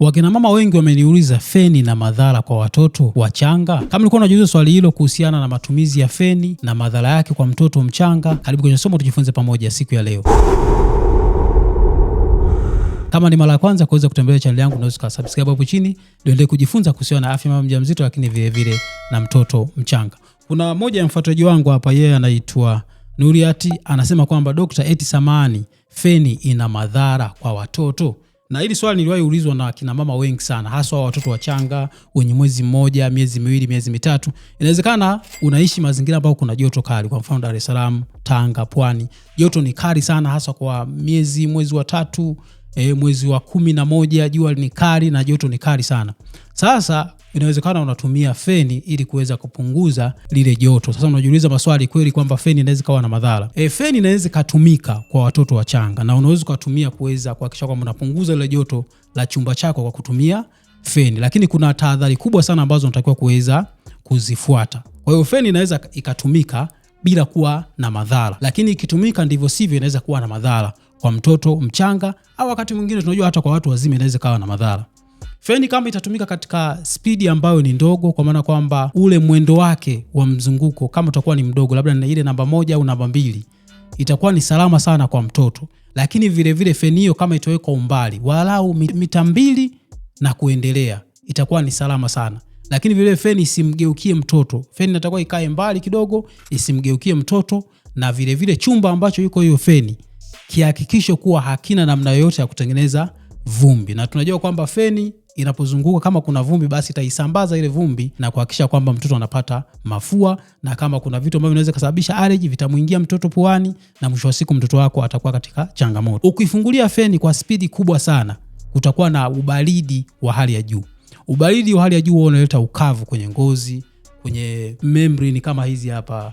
Wakina mama wengi wameniuliza feni na madhara kwa watoto wachanga. Kama ulikuwa unajiuliza swali hilo kuhusiana na matumizi ya feni na madhara yake kwa mtoto mchanga, karibu kwenye somo tujifunze pamoja siku ya leo. Kama ni mara ya kwanza kuweza kutembelea chaneli yangu, unaweza ukasubscribe hapo chini uendelee kujifunza kuhusiana na afya mama mjamzito, lakini vile vile na mtoto mchanga. Kuna mmoja ya mfuatiliaji wangu hapa, yeye anaitwa Nuriati, anasema kwamba dokta, eti samani, feni ina madhara kwa watoto na hili swali niliwahi ulizwa na kina mama wengi sana, haswa watoto wachanga wenye mwezi mmoja, miezi miwili, miezi mitatu. Inawezekana unaishi mazingira ambayo kuna joto kali, kwa mfano Dar es Salaam, Tanga, Pwani, joto ni kali sana, haswa kwa miezi mwezi wa tatu e, mwezi wa kumi na moja jua ni kali na joto ni kali sana. Sasa inawezekana unatumia feni ili kuweza kupunguza lile joto. Sasa unajiuliza maswali kweli kwamba feni inaweza kawa na madhara e, feni inaweza ikatumika kwa watoto wachanga na unaweza ukatumia kuweza kuhakikisha kwamba unapunguza lile joto la chumba chako kwa kutumia feni, lakini kuna tahadhari kubwa sana ambazo unatakiwa kuweza kuzifuata. Kwa hiyo feni inaweza ikatumika bila kuwa na madhara, lakini ikitumika ndivyo sivyo inaweza kuwa na madhara kwa mtoto mchanga au wakati mwingine tunajua hata kwa watu wazima inaweza kawa na madhara. Feni kama itatumika katika spidi ambayo ni ndogo, kwa maana kwamba ule mwendo wake wa mzunguko kama utakuwa ni mdogo, labda ni ile namba moja au namba mbili, itakuwa ni salama sana kwa mtoto. Lakini vile vile feni hiyo kama itawekwa umbali walau mita mbili na kuendelea, itakuwa ni salama sana. Lakini vile vile feni isimgeukie mtoto. Feni inatakiwa ikae mbali kidogo, isimgeukie mtoto, na vile vile chumba ambacho yuko hiyo feni kihakikisho kuwa hakina namna yoyote ya kutengeneza vumbi, na tunajua kwamba feni inapozunguka kama kuna vumbi basi itaisambaza ile vumbi na kuhakikisha kwamba mtoto anapata mafua, na kama kuna vitu ambavyo vinaweza kusababisha allergy vitamuingia mtoto puani, na mwisho wa siku mtoto wako atakuwa katika changamoto. Ukifungulia feni kwa spidi kubwa sana, utakuwa na ubaridi wa hali ya juu. Ubaridi wa hali ya juu unaleta ukavu kwenye ngozi, kwenye membrane kama hizi hapa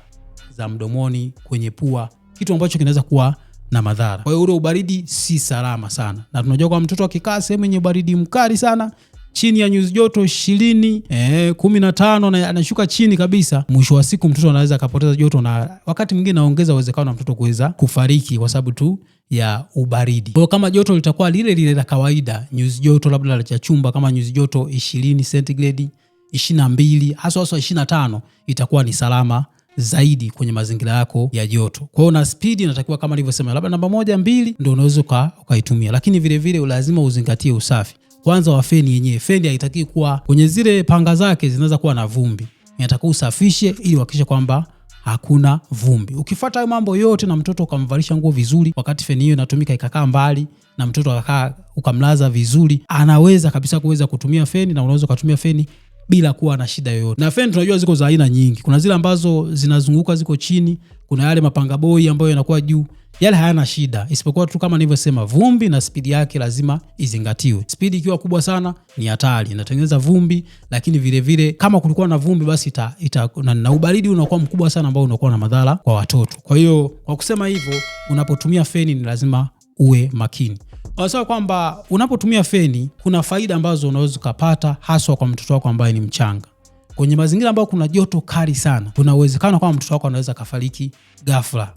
za mdomoni, kwenye pua, kitu ambacho kinaweza kuwa na madhara. Kwa hiyo ule ubaridi si salama sana, na tunajua kwa mtoto akikaa sehemu yenye ubaridi mkali sana chini ya nyuzi joto ishirini eh, kumi na tano na anashuka chini kabisa, mwisho wa siku mtoto anaweza akapoteza joto, na wakati mwingine naongeza uwezekano wa mtoto kuweza kufariki kwa sababu tu ya ubaridi. Kwa kama joto litakuwa lile lile la kawaida, nyuzi joto labda la chumba kama nyuzi joto ishirini sentigredi, ishirini na mbili haswa haswa ishirini na tano itakuwa ni salama zaidi kwenye mazingira yako ya joto. Kwa hiyo na spidi inatakiwa kama alivyosema, labda namba moja mbili ndio unaweza ukaitumia, lakini vilevile lazima uzingatie usafi kwanza wa feni yenyewe. Feni haitaki kuwa kwenye zile panga zake zinaweza kuwa na vumbi, inatakiwa usafishe ili uhakikishe kwamba hakuna vumbi. Ukifuata hayo mambo yote na mtoto ukamvalisha nguo vizuri, wakati feni hiyo inatumika ikakaa mbali na mtoto akakaa ukamlaza vizuri, anaweza kabisa kuweza kutumia feni, na unaweza ukatumia feni bila kuwa na shida yoyote. Na feni tunajua ziko za aina nyingi, kuna zile ambazo zinazunguka ziko chini, kuna yale mapanga boi ambayo yanakuwa juu, yale hayana shida, isipokuwa tu kama nilivyosema, vumbi na spidi yake lazima izingatiwe. Spidi ikiwa kubwa sana ni hatari, inatengeneza vumbi, lakini vile vile kama kulikuwa na vumbi basi ita, ita, na, na ubaridi unakuwa mkubwa sana ambao unakuwa na madhara kwa watoto. Kwa hiyo kwa kusema hivyo, unapotumia feni ni lazima uwe makini. Wanasema kwamba unapotumia feni kuna faida ambazo unaweza ukapata, haswa kwa mtoto wako ambaye ni mchanga. Kwenye mazingira ambayo kuna joto kali sana, kuna uwezekano kwamba mtoto wako anaweza kafariki gafla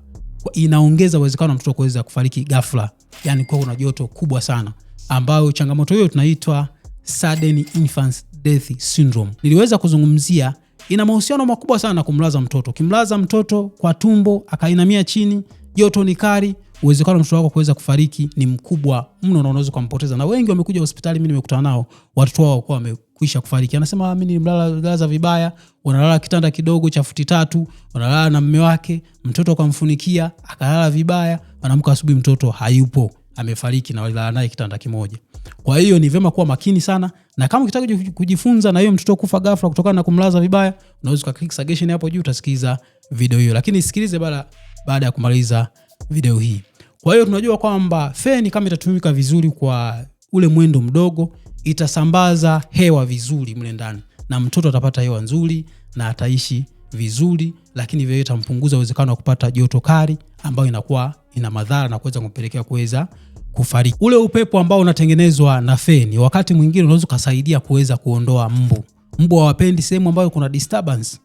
Inaongeza uwezekano wa mtoto kuweza kufariki gafla yani kuwa kuna joto kubwa sana, ambayo changamoto hiyo tunaitwa sudden infant death syndrome. Niliweza kuzungumzia ina mahusiano makubwa sana na kumlaza mtoto. Ukimlaza mtoto kwa tumbo akainamia chini, joto ni kali, uwezekano mtoto wako kuweza kufariki ni mkubwa mno na unaweza kumpoteza. Na wengi wamekuja hospitali, mimi nimekutana nao, watoto wao kwa wamekwisha kufariki. Anasema ah, mimi nilimlala nilimlaza vibaya, wanalala kitanda kidogo cha futi tatu, wanalala na mume wake, mtoto akamfunikia, akalala vibaya, anaamka asubuhi, mtoto hayupo, amefariki na walilala naye kitanda kimoja. Kwa hiyo ni vema kuwa makini sana, na kama ukitaka kujifunza na hiyo mtoto kufa ghafla kutokana na kumlaza vibaya, unaweza click suggestion hapo juu, utasikiliza video hiyo, lakini sikilize baada ya kumaliza video hii. Kwa hiyo tunajua kwamba feni kama itatumika vizuri kwa ule mwendo mdogo, itasambaza hewa vizuri mle ndani na mtoto atapata hewa nzuri na ataishi vizuri, lakini vile itampunguza uwezekano wa kupata joto kali ambayo inakuwa ina madhara na kuweza kumpelekea kuweza kufariki. Ule upepo ambao unatengenezwa na feni, wakati mwingine unaweza kusaidia kuweza kuondoa mbu. Mbu hawapendi sehemu ambayo kuna disturbance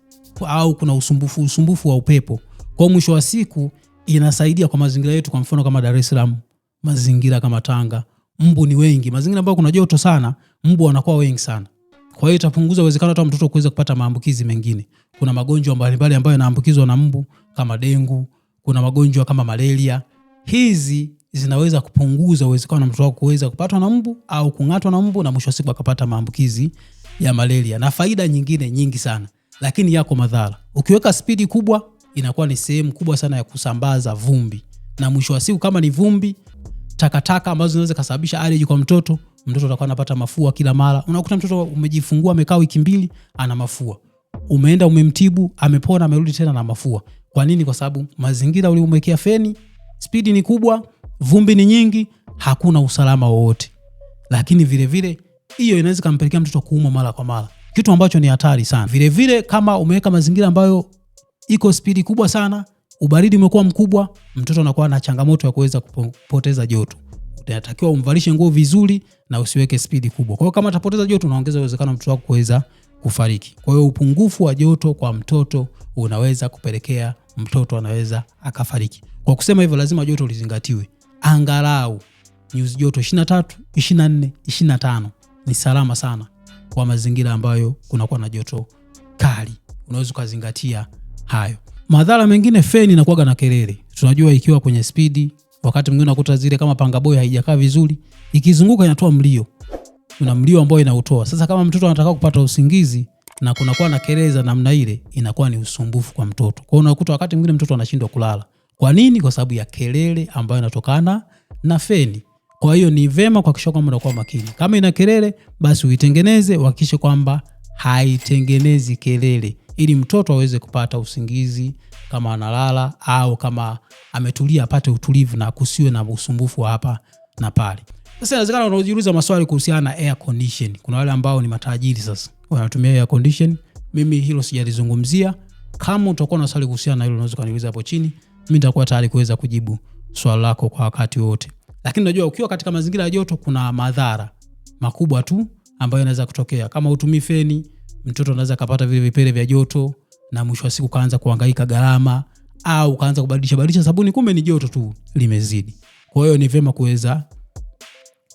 au kuna usumbufu usumbufu wa upepo. Kwa mwisho wa siku inasaidia kwa mazingira yetu, kwa mfano kama Dar es Salaam, mazingira kama Tanga, mbu ni wengi. Mazingira ambayo kuna joto sana, mbu wanakuwa wengi sana. Kwa hiyo itapunguza uwezekano hata mtoto kuweza kupata maambukizi mengine. Kuna magonjwa mbalimbali ambayo yanaambukizwa na mbu kama dengu, kuna magonjwa kama malaria. Hizi zinaweza kupunguza uwezekano wa mtoto wako kuweza kupatwa na mbu au kung'atwa na mbu na mwisho wa siku akapata maambukizi ya malaria, na faida nyingine nyingi sana, lakini yako madhara. Ukiweka spidi kubwa inakuwa ni sehemu kubwa sana ya kusambaza vumbi, na mwisho wa siku kama ni vumbi, takataka ambazo zinaweza kusababisha allergy kwa mtoto, mtoto atakuwa anapata mafua kila mara. Unakuta mtoto umejifungua, amekaa wiki mbili, ana mafua, umeenda umemtibu, amepona, amerudi tena na mafua. Kwa nini? Kwa sababu mazingira ulimwekea feni, spidi ni kubwa, vumbi ni nyingi, hakuna usalama wowote. Lakini vilevile hiyo inaweza kampelekea mtoto kuumwa mara kwa mara, kitu ambacho ni hatari sana. Vilevile kama umeweka mazingira ambayo iko spidi kubwa sana, ubaridi umekuwa mkubwa, mtoto anakuwa na changamoto ya kuweza kupoteza joto. Unatakiwa umvalishe nguo vizuri na usiweke spidi kubwa. Kwa hiyo kama atapoteza joto, unaongeza uwezekano mtoto wako kuweza kufariki. Kwa hiyo upungufu wa joto kwa mtoto unaweza kupelekea mtoto anaweza akafariki. Kwa kusema hivyo, lazima joto lizingatiwe, angalau nyuzi joto 23, 24, 25 ni salama sana kwa mazingira ambayo kunakuwa na joto kali. Unaweza ukazingatia hayo. Madhara mengine, feni inakuwa na kelele. Tunajua ikiwa kwenye spidi, wakati mwingine unakuta zile kama panga boy haijakaa vizuri, ikizunguka inatoa mlio. Kuna mlio ambao inautoa. Sasa kama mtoto anataka kupata usingizi na kunakuwa na kelele za namna ile, inakuwa ni usumbufu kwa mtoto. Kwa hiyo unakuta wakati mwingine mtoto anashindwa kulala. Kwa nini? Kwa sababu ya kelele ambayo inatokana na feni. Kwa hiyo ni vema kuhakikisha kwamba unakuwa makini. Kama ina kelele, basi uitengeneze, uhakikishe kwamba haitengenezi kelele ili mtoto aweze kupata usingizi kama analala au kama ametulia apate utulivu na kusiwe na usumbufu hapa na pale. Sasa inawezekana unajiuliza maswali kuhusiana na air condition. Kuna wale ambao ni matajiri sasa wanatumia air condition. Mimi hilo sijalizungumzia. Kama utakuwa na swali kuhusiana na hilo, unaweza kuniuliza hapo chini, mimi nitakuwa tayari kuweza kujibu swali lako kwa wakati wote. Lakini najua ukiwa katika mazingira ya joto kuna madhara makubwa tu ambayo yanaweza kutokea kama utumii feni mtoto anaweza akapata vile vipele vya joto na mwisho wa siku kaanza kuangaika gharama au kaanza kubadilisha badilisha sabuni, kumbe ni joto tu limezidi. Kwa hiyo ni vyema kuweza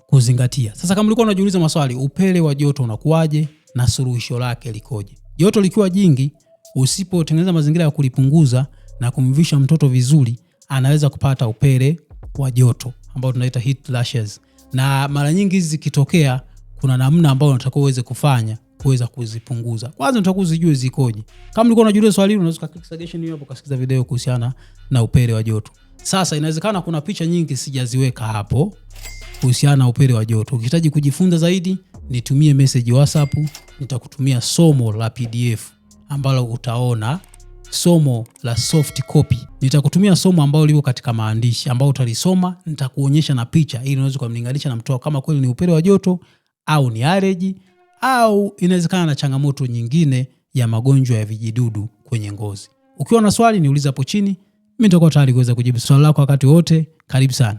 kuzingatia. Sasa kama ulikuwa unajiuliza maswali, upele wa joto unakuwaje na suluhisho lake likoje? Joto likiwa jingi, usipotengeneza mazingira ya kulipunguza na kumvisha mtoto vizuri, anaweza kupata upele wa joto ambao tunaita heat lashes, na mara nyingi hizi zikitokea, kuna namna ambayo unatakiwa uweze kufanya kuweza kuzipunguza. Kwanza unataka kuzijua zikoje. Kama ulikuwa unajua swali hilo, unaweza kuklik suggestion hiyo hapo, kasikiza video kuhusiana na upele wa joto. Sasa inawezekana kuna picha nyingi sijaziweka hapo kuhusiana na upele wa joto. Ukihitaji kujifunza zaidi, nitumie message WhatsApp, nitakutumia somo la PDF ambalo utaona somo la soft copy. Nitakutumia somo ambalo liko katika maandishi ambao utalisoma, nitakuonyesha na picha ili unaweza kumlinganisha na mtoa kama kweli ni upele wa joto au ni allergy au inawezekana na changamoto nyingine ya magonjwa ya vijidudu kwenye ngozi. Ukiwa na swali niuliza hapo chini, mimi nitakuwa tayari kuweza kujibu swali lako wakati wote. Karibu sana.